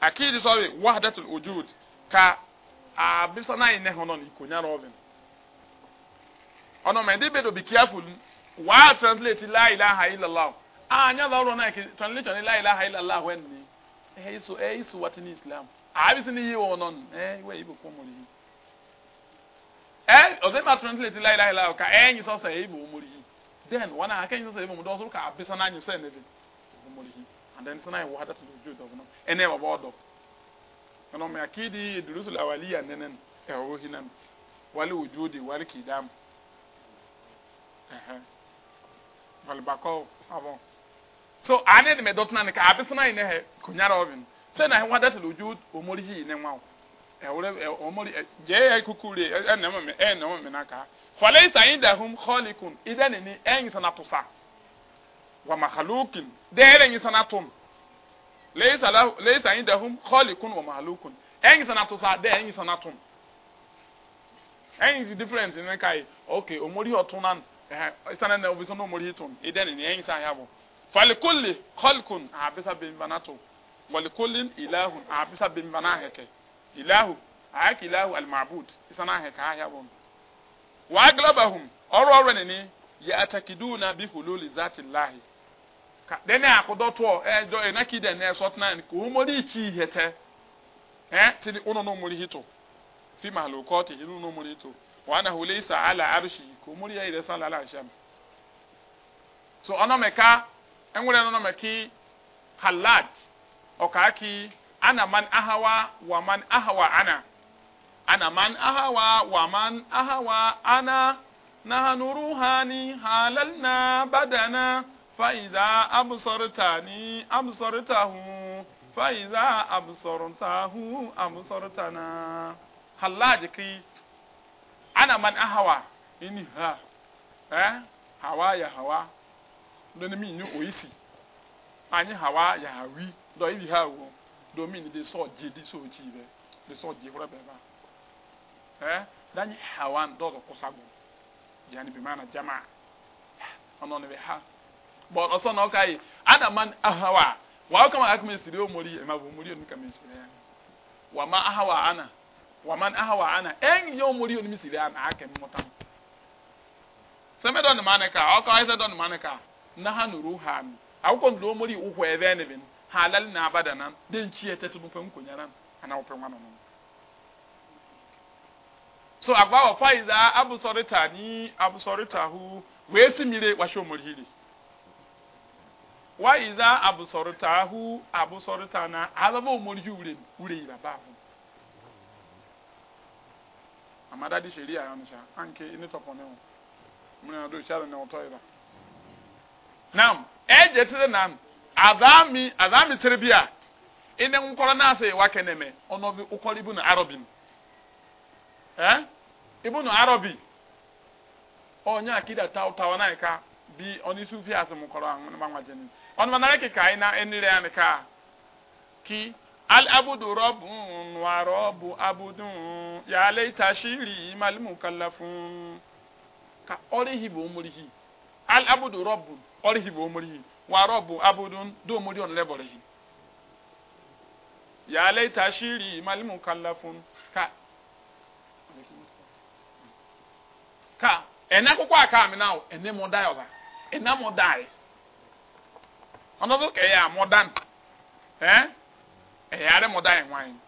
akidi sɔre wahdatul ujud ka abisa na yi ne ho no ikonya rɔbin ɔno mɛ de bedo be careful waa translate la ilaha illallah a nya lɔrɔ na ke translation la ilaha illallah wɛn ni ɛyɛ so ɛyɛ so wati ni islam a abisi ni yi wɔ nɔ no ɛyɛ wɛ ibo kɔmɔ ni ẹ ọdẹ ma tún tilẹ̀ ti láyìláyì láyò ká sọsọ omori yìí then wọn náà akẹ́yin sọsọ ẹ ibò omori ọsọ ká abisa náà anyi omori and then sinai wọ adatun ojú ìdọ̀ ọ̀bùnà ẹ náà wà bọ́ ọ̀dọ̀ ọ̀nà ọmọ akéde ìdúrósọ la wàlí yà nẹ́nẹ́ ẹ ọ̀wọ́ hinna mi wali ojú òde wàlí so àánẹ́ ni dọtụ na ɛwura ɔmɔri jɛɛ yɛ kukuri ɛnɛmɔ eh, eh, mi ɛnɛmɔ eh, mi naka fɔlɛyi sanyi dahum xɔlikun idɛ nini ɛnyinsana tusa wamahalukin dɛɛrɛ nyinsana tum lɛyi sanyi dahum xɔlikun wamahalukun ɛnyinsana tusa dɛɛ ɛnyinsana tum ɛnyinsi difference ne ka yi ok ɔmɔri ɔtunan ɛhɛ ɛsanɛ na obisɔn ɔmɔri tun idɛ nini ɛnyinsa yabɔ falikuli xɔlikun abisa bimbana to walikuli ilahun abisa ah, bimbana hɛkɛ. ilahu ayaka ilahu almabud isana ahịa ka ahịa bụ wa aglabahum ọrụ ọrụ nini ya atakidu na bihululi zati lahi ka dene akudọtọ ẹjọ enakide e, e, na ẹsọtana ka umori ichi ihe tẹ ẹ e, tiri ụnụ n'omori hito fi mahalukọti hinu n'omori hito wa na hule ala arshi ka umori ya ire san lala asham so ọnọmeka enwere ọnọmeki halad ọkaaki ana man ahawa wa man ahawa ana ana man ahawa wa man ahawa ana نحن روحاني حللنا بدنا فإذا أبصرتني أبصرته فإذا أبصرته أبصرتنا حلاجكي أنا من أهوى إني ها eh hawa ya hawa don mi ni oisi anyi hawa ya hawi do ibi ha wo domin de sɔ dzi di so tsi vɛ de sɔ dzi wura bɛ va ɛ danyi hawan dɔzɔ kusago jani bi mana jama ɔnɔni bɛ ha bɔn ɔsɔ na ɔka yi adaman ahawa wa ɔka ma akama esiri o mori ɛma bo mori onimi kama esiri ya wa ma ahawa ana wa man ahawa ana ɛnyi yɛ o mori onimi siri ana aka mi mɔta sɛmɛ dɔ ni ma ne ka ɔka ayisɛ dɔ ni ma ne ka naha nuru ha mi akwụkwọ ndụ omori ụkwụ ebe ɛnibin halal na abada nan den ciye ta tudu fa nkonya nan ana ope wano no so agba wa faiza abusorita ni abusorita hu we simire wa shomurhiri wa iza abusorita hu abusorita na azaba omurhi ure ure ira ba hu amada di sheria yon sha anke ini topo ne mu na do shara na otoira nam eje tire nam azami azami tere bi a ene nkwara na ase wa keneme ono bi ukori bu na arabin eh ibu na arabi onya akida taw taw ka bi oni sufi asum an ma nwaje ni on na ke kai na ka ki al abudu rabbun wa rabbu abudun ya laita shiri mal mukallafun ka orihi al abudu rabbun orihi warabu abudun do mori on lebore hin ya laita shiri malimun kallafun ka ka ene akwụkwọ aka amina na ene mo dai ọba ene mo dai ọnọdụ ka ya mo dan eh eh are mo dai nwan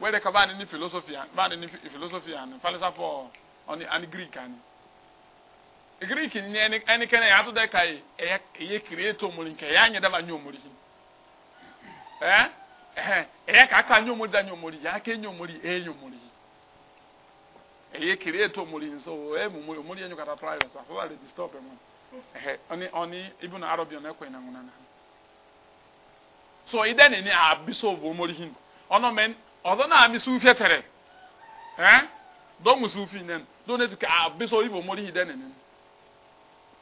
were ka ba ni filosofi ba ni filosofia an falsafa on ani greek ani greek ni ɛni ɛnikɛni ɛyà tó dɛ ka yi ɛyà ɛyɛ create omori nkɛ ɛyà anyɛ daba nyɛ omori yi ɛ ɛhɛn ɛyà kaka nyɛ omori da nyɛ omori yà ake nyɛ omori ɛyɛ nyɛ omori yi ɛyɛ create omori nso ɛyɛ e mu omori omori yɛ nyɛ kata try rɛ safa wale disturb ɛmu e ɛhɛ ɔni ɔni ibi na arɔbi ɔna ɛkɔ ɛna ŋuna na so idɛ nini abiso obo omori yi ɔnɔ mɛ ɔdɔ na ami sufi ɛtɛrɛ e? ɛ dɔmu sufi nɛn dɔn ne ti ka abiso ibo omori yi dɛ nini.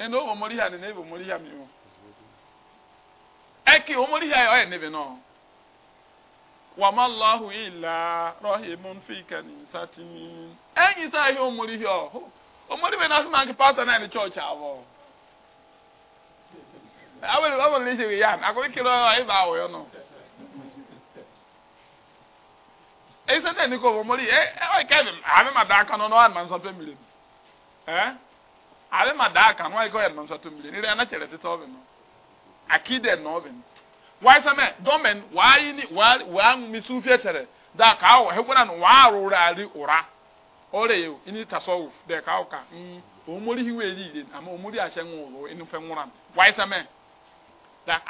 ɛnna ɔwɔ mɔri ha nina ɛwɔ mɔri ha mi o ɛki eh, ɔwɔ mɔri ha yɛ ɔyɛ nebe nɔ wàmà lọ́hùn ìlà rọ́hìmún fìkà ní sátìmí. ẹ̀yin sáà yẹ ọmọdé yọ ọmọdé bẹ́ẹ̀ náà sọ ma kí pásítọ̀ náà ní chọ́ọ̀chì àwọ̀. àwọn ènìyàn wọ́n lè ṣe wíyá àkókò kí lọ́wọ́ ẹ̀ bá àwọ̀ yọ nù. èyí eh, sẹ́tẹ̀ ní kò ọmọdé yẹ ẹ̀ ọ̀ ìkẹ́ abe madaka nwa iko yadma msatu mbili nire anachere tisa oveno akide no oveno waisa me domen waini chere da kawo hekuna no waru rali ura ore yo ini tasawuf ka mm omori hiwe lile ama omori ashenwo ro inu fe da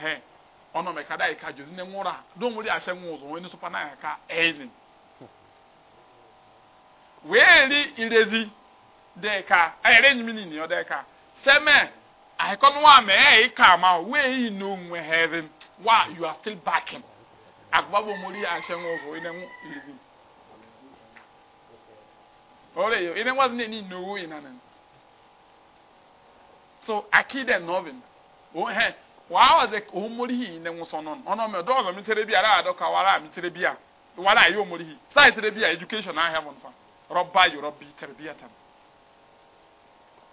ni ọnọ mẹka dá ìka jòzí ní nwúra dóun wọlé àṣẹ ń wòzò wọn ní sopa náà ká ẹyìn wéé rí ìrèzí dẹ ẹka ẹyẹrẹ ẹnyìnmí ni ìnìyàn dẹ ẹka sẹmẹ àìkọ́nù wa mẹ eh, ma ẹ̀ka àmà wéé yìí ní òun wa you are still backing àgbàbọ̀ mo rí àṣẹ ń wòzò wọn ní irezi. ọ̀rẹ́ yìí ẹni wá sí ní ìnáwó yìí nánà so akídẹ̀ nọ́ọ̀bìn òun hẹ́n. Eh, wàá ọ̀dẹ òmòrì yìí ní nwosọ nọ ọ̀nà ọmọ mi tẹ́lẹ̀ bíi àrà àdọ́kà wàrà mi tẹ́lẹ̀ bíi à wàrà àyè yìí sáyẹ̀ bíi à education náà hẹ́wọ̀n fa rọ́bà yìí rọ́bì tẹ́lẹ̀ bíi àtàm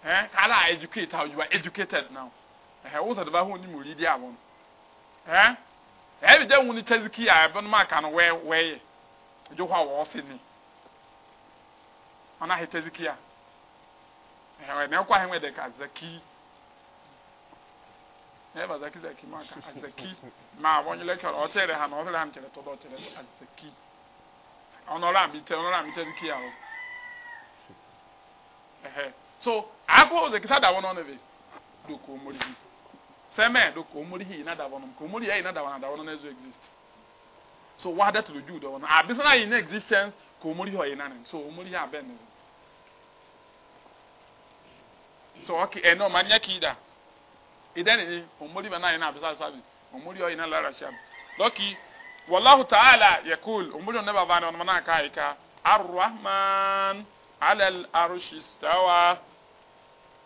ẹ̀ how you are educated now ẹ̀hẹ̀ eh, wọ́n sọ̀dọ̀ bá hó ní mòrì di àwọn ẹ̀ ẹ̀ jẹ́ wọn ní ebe zaki zaki a zaki ma abonye lekọr ọ chere ha na ọ bụla ha chere tọdọ chere azaki ọnọrọ amite ọnọrọ amite dịka ya ọ ehe so agụ ozeki sada wọn ọnụ ebe doko omori hi seme doko omori hi na dawọn nke omori ya yi na dawọn na dawọn na ezo exist so wa dat lu jude wọn abisa na yi na existence ka omori ha ọ yi na nim so omori ha abẹ n'izu so ọkị enọ ma ki da. idan ni omori bana yana bisa sabi omori oyina lara doki wallahu ta'ala yaqul omori ne baba ne mana kai ka arrahman ala al-arshi stawa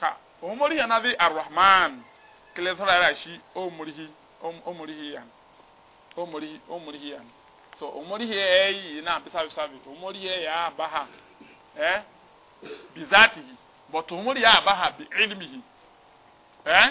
ka omori yana bi arrahman kile sura ra shi omori omori yan omori omori yan so omori he yi na bisa sabi omori ya ah, baha eh bizatihi but omori ya baha bi ilmihi eh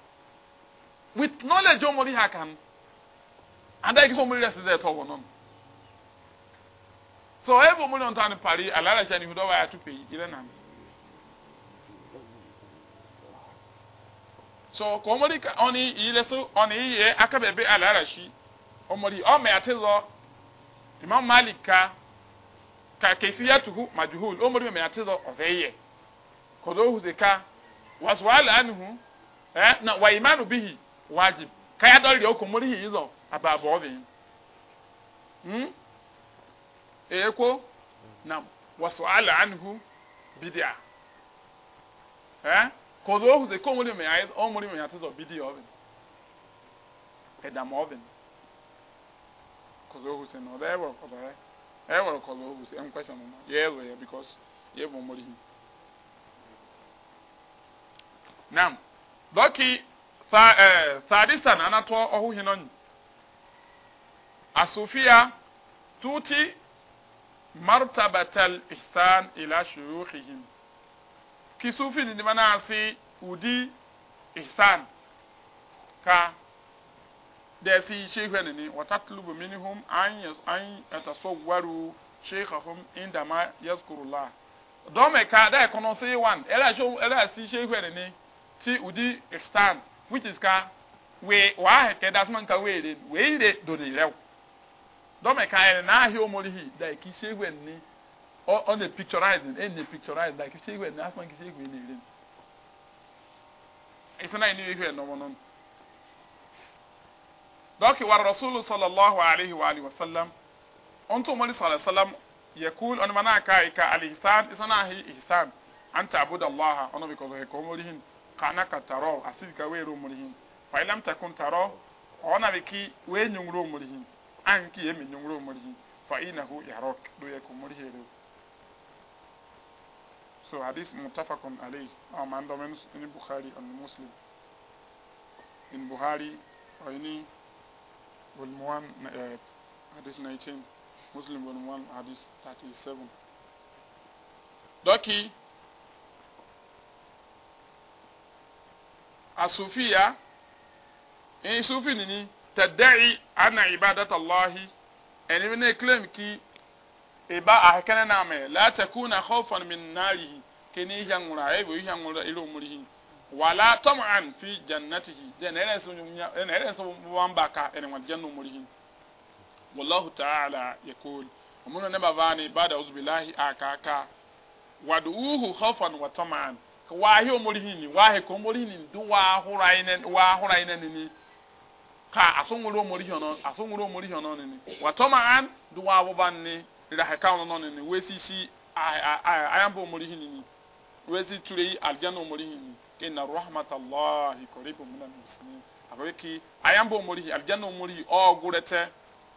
with knowledge omori ha kan ada ikisi omori resi zɛ tɔwɔ nɔn so ebe omori nɔn tani pari alara kyɛ ni hu dɔwɔ ayatu pe yire na mi so ko omori ka oni yire so ɔni akabebe al'arashi omori o ati lɔ imam malika ka ka kefi yatuhu majuhul omori mɛ ati lɔ ɔfɛ yɛ kɔdɔ ohuzeka wasuwa ala eh, na wa imanu bihi. wajib kaya dɔri o kumuri hi zɔn a ba bɔ bi hmm ee ko na wasu ala anhu bidia ɛ eh? kɔdu o kuzi ko muri mi ayi o mi ati bi bi na ɔdɔ ɛwɔ kɔdu ɛ ɛwɔ kɔdu o kuzi ɛmu mu yɛ ɛwɔ yɛ because yɛ bɔ naam dɔki. saa ɛɛ eh, saadisa na anatoɔ ɔho hin ɔnyi asofia tuuti martabatal ihsan ila shuyukhihim kisufi ni mana ase udi ihsan ka da si shehu ne ne wa tatlubu minhum an yas an yatasawwaru shaykhahum inda ma yazkurullah do me ka da kono se wan ela sho ela si shehu ne ne ti udi ihsan which is ka wee waa ahịa keda asụma nka wee ree wee re dore rew dọme ka anyị e na ahịa omorihi da ka isi egwe nne ọ na picturize na picturize da ka isi egwe nne asụma nka isi egwe na-ere isi na ịnụ ihu enọmọ nọ dọki wa rasulu sallallahu alaihi wa alihi wasallam ntụ to mali sallallahu alaihi yakul on mana ka e ka al e ihsan isana hi ihsan anta abudallaha ono bi ko ko morihin kanaka taro asiri ka wero murihin fa ilam takun taro ona biki we nyungro murihin an ki yemi nyungro murihin fa inahu yarok do ye ko murihero so hadith muttafaqun alayh o man do men in bukhari and muslim in Bukhari or any volume 1 hadith 19 muslim volume 1 hadith 37 doki asufiya in sufi nini tadda'i anna ibadata allahi ẹni ne claim ki iba ahekene na me la takuna khawfan min narihi kini hiya ngura ebo hiya ngura ilo murihi wala tam'an fi jannatihi den ere so nyumya en ere so wamba ka en wan jannu murihi wallahu ta'ala yakul umuna ne bavani ibada uzbillahi akaka wad'uhu khawfan wa tam'an wahi omorihini wahi ka omorihini ni ka asunguru omorihi ono asunguru omorihi ono ni watoma an do wabuban ira ha ka ono ni we si si ayambo omorihini ni we si ture aljanna omorihini ke na min almuslimin abeki omorihi omorihi o gurete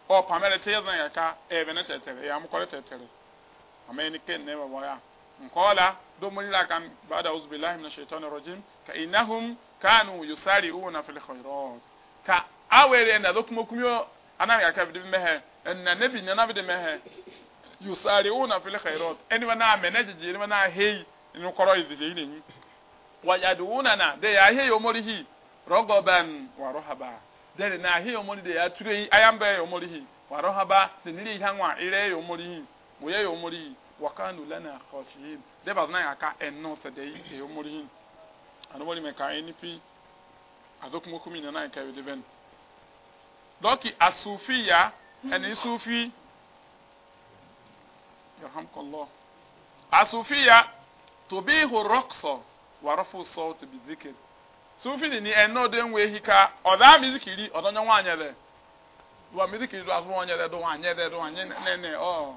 o pamere te ya ka ebenete tere ya mukore tetere ameni ken ne baba ya nkola domunira kan bada uzbillahi minash shaitani rajim ka innahum kanu yusari'una fil khairat ka awere na dokumo kumyo ana ya kabidi mehe na nabi na nabi mehe yusari'una fil khairat eni wana menaji ni wana hey ni koro izide ni ni wajaduna na de ya hey omorihi rogoban wa rohaba de na hey omori de ya ture ayambe omorihi wa rohaba de nili hanwa ire omorihi moye omorihi wakanu lena khashiyin de ba na aka eno se de e omori hin anomori me ka enipi adokumo kumi na na ka bi asufiya eni sufi asufiya tubihu raqsa wa rafu sawt bi dhikr sufi ni enno de nwe hika oda mizikiri odonyo nwanyele wa mizikiri do azu nwanyele do nwanyele do nwanyene ne ne oh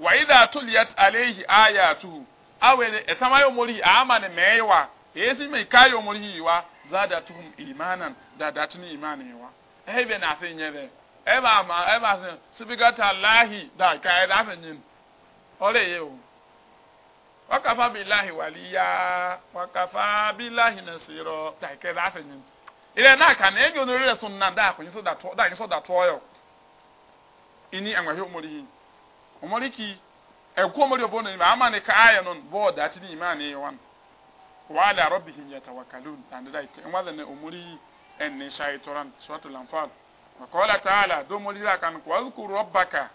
wa idha tuliyat alayhi ayatuhu awene etama mori amane mewa yesi me kayo mori wa zadatuhum imanan dadatuni imani wa ebe na afi nyebe ebe ma ebe se sibigata lahi da kai da afi nyin ore ye o wakafa billahi waliya ya billahi nasiro da da nyin ile na ka na enyo no re sunna da so da to da nyi so da to yo ini anwa he omoliki ekomori obono ima amane ka ayanon boda atini imani yawan wa ala rabbihim yatawakkalun and like en wala ne omori en ne shaytoran suratul anfal wa qala ta'ala do mori la kan ku azkur rabbaka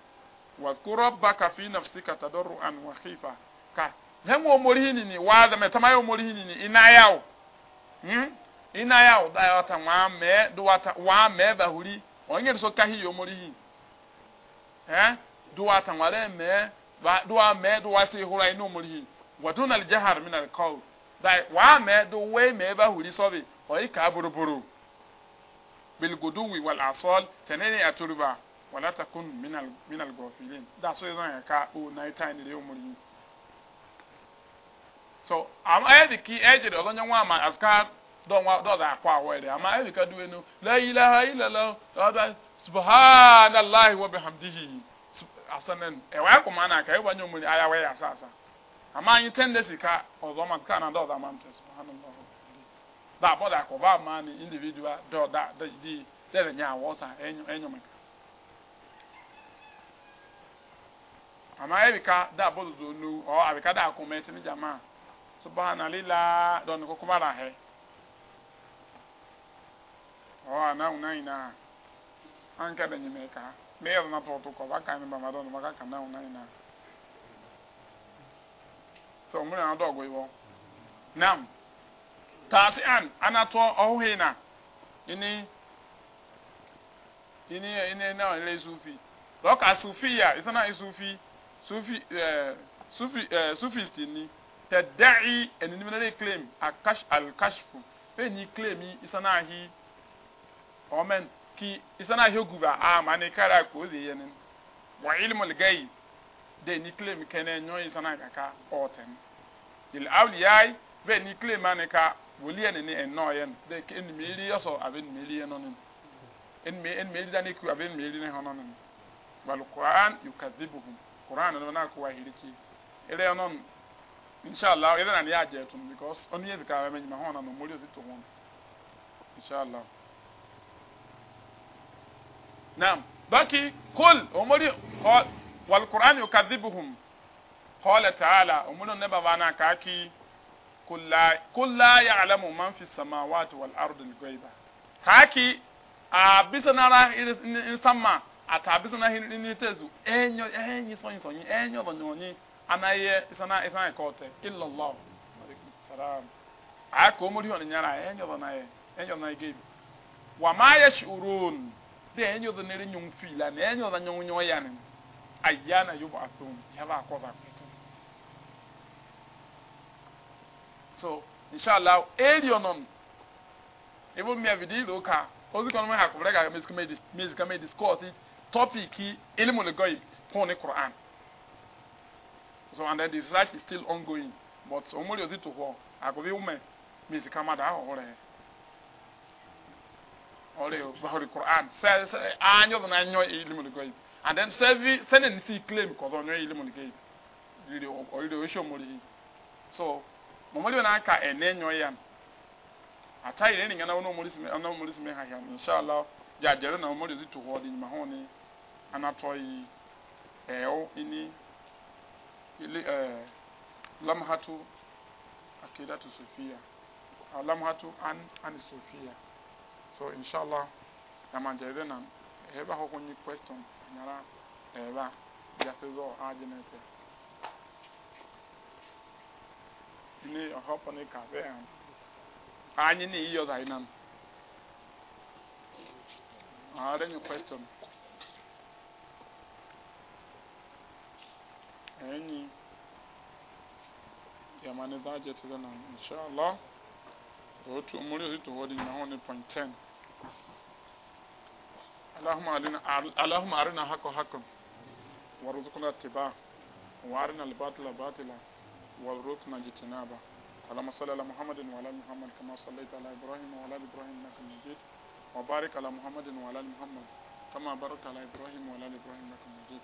wazkur rabbaka fi nafsika tadarruan wa khifa ka hen omori ni ni wa da metama omori ni ni ina yawo hmm ina yawo da yata wa me do wata wa me bahuri onye so kahi omori eh duwa tangwale me duwa me duwa si hura inu mulhi wadun al jahar min al qawl dai wa me do we me ba huri sobe o yi ka buruburu bil guduwi wal asal tanene aturuba wala takun min al min al gofilin da so yan ka o night time le umuri so am ayediki ejere olonyo nwa ma askar don wa do da kwa wa ere ama ayedika duwe no la ilaha illallah subhanallahi wa bihamdihi Asa na asanen ewe akumana ka ebanye omuli ayawe ya asa asa ama anyị tendency ka ọzọ ma ka a na dọọ da mante subhanallah da bọda akọ ba ma ni individual dọọ da di dere nya awọ sa enyo me ama bika da bọdọ zonu ọ abika da akọ mete ni jama subhanallah dọọ ni kokoma ra he ọ ana unaina an kada nyime ne yɛrɛ na tɔɔtɔ kɔ ba kan ne ba ma dɔn ba ka kan na o na ina so ɔmo na dɔɔ goyi wɔ nam taasi an ana tɔ ɔhohe na ini ini ini na ɔlɛ sufi lɔka sufi ya isana sufi sufi ɛɛ sufi ɛɛ sufisti ni tɛdɛɛ ɛnini mɛnɛ de claim akash alikashfu fɛn yi claim yi isana ahi ɔmɛn. ki isana heguba a ah, ne kara ko ze yenin wa ilmul gayb de ni claim kene nyo isana kaka oten il awliyai be ni claim mani ka woliye ne ne enno yen de ke en miri ya aben miri enonin en me en miri dani ku aben miri ne hononin wal qur'an yukadhibuhum qur'an na ko wahiriki ele onon inshallah ele na ni ajetun because oni ezika ba menyi ma no mori ozito hon inshallah نعم باكي قل أمري قال والقرآن يكذبهم قال تعالى أمري نبا وانا كاكي قل لا, قل لا يعلم من في السماوات والأرض الغيبة كاكي أبيس نرى إنسما أتابيس نرى إنتزو أنيو أنيو سوني سوني أنيو بنيوني أنا يه إسنا إسنا كوتة إلا الله عليكم السلام أكو أمري هون نرى أنيو بنيوني أنيو بنيوني وما يشعرون de enyo do nere nyong fila ne enyo da nyong nyong ya ne ayana yubu asum ya ba ko ba so inshallah alien on even me avidi loka ozi kono me hakubere ga music me music me discourse topic ilmu le goyi pon ni quran so and then the research is still ongoing but omori ozi to ho akobi ume music amada ho re ɔre ɔfahori koran sɛ sɛ anyo na anyo ilimu likoyi and then sɛvi sɛne ne si claim kɔsɔ ɔnyo ilimu likoyi riri ɔriri oṣu omori yi so mɔmɔli bɛ n'aka ɛnɛ e nyo ya ata yi ne ngana ɔna omori simi ɔna omori simi ha ya inshallah jajɛrɛ na omori zi to hɔ di nyima e hɔn ni anatɔ yi o ini ili ɛɛ e, lamhatu akidatu sofiya lamhatu an an sofiya. so inshallah allah eh, eh, ya man-je irenan ehebe ahụhụ nyi kwesitọn anyara ebe a ibi-asịrị o ahazighi n'echere. ndị niile na ị ka-be anyị. anyị na-eyiyozi anyị na anyị. nyi kwesitọn enyi ya ah, eh, man-je na inshallah وتو أمره تهودي نهون بنتين اللهم أرنا اللهم أرنا حق حقا وارزقنا اتباعه وارنا الباطل باطلا وارزقنا اجتنابه اللهم صل على محمد وعلى ال محمد كما صليت على ابراهيم وعلى ال ابراهيم انك مجيد وبارك على محمد وعلى ال محمد كما باركت على ابراهيم وعلى ال ابراهيم انك مجيد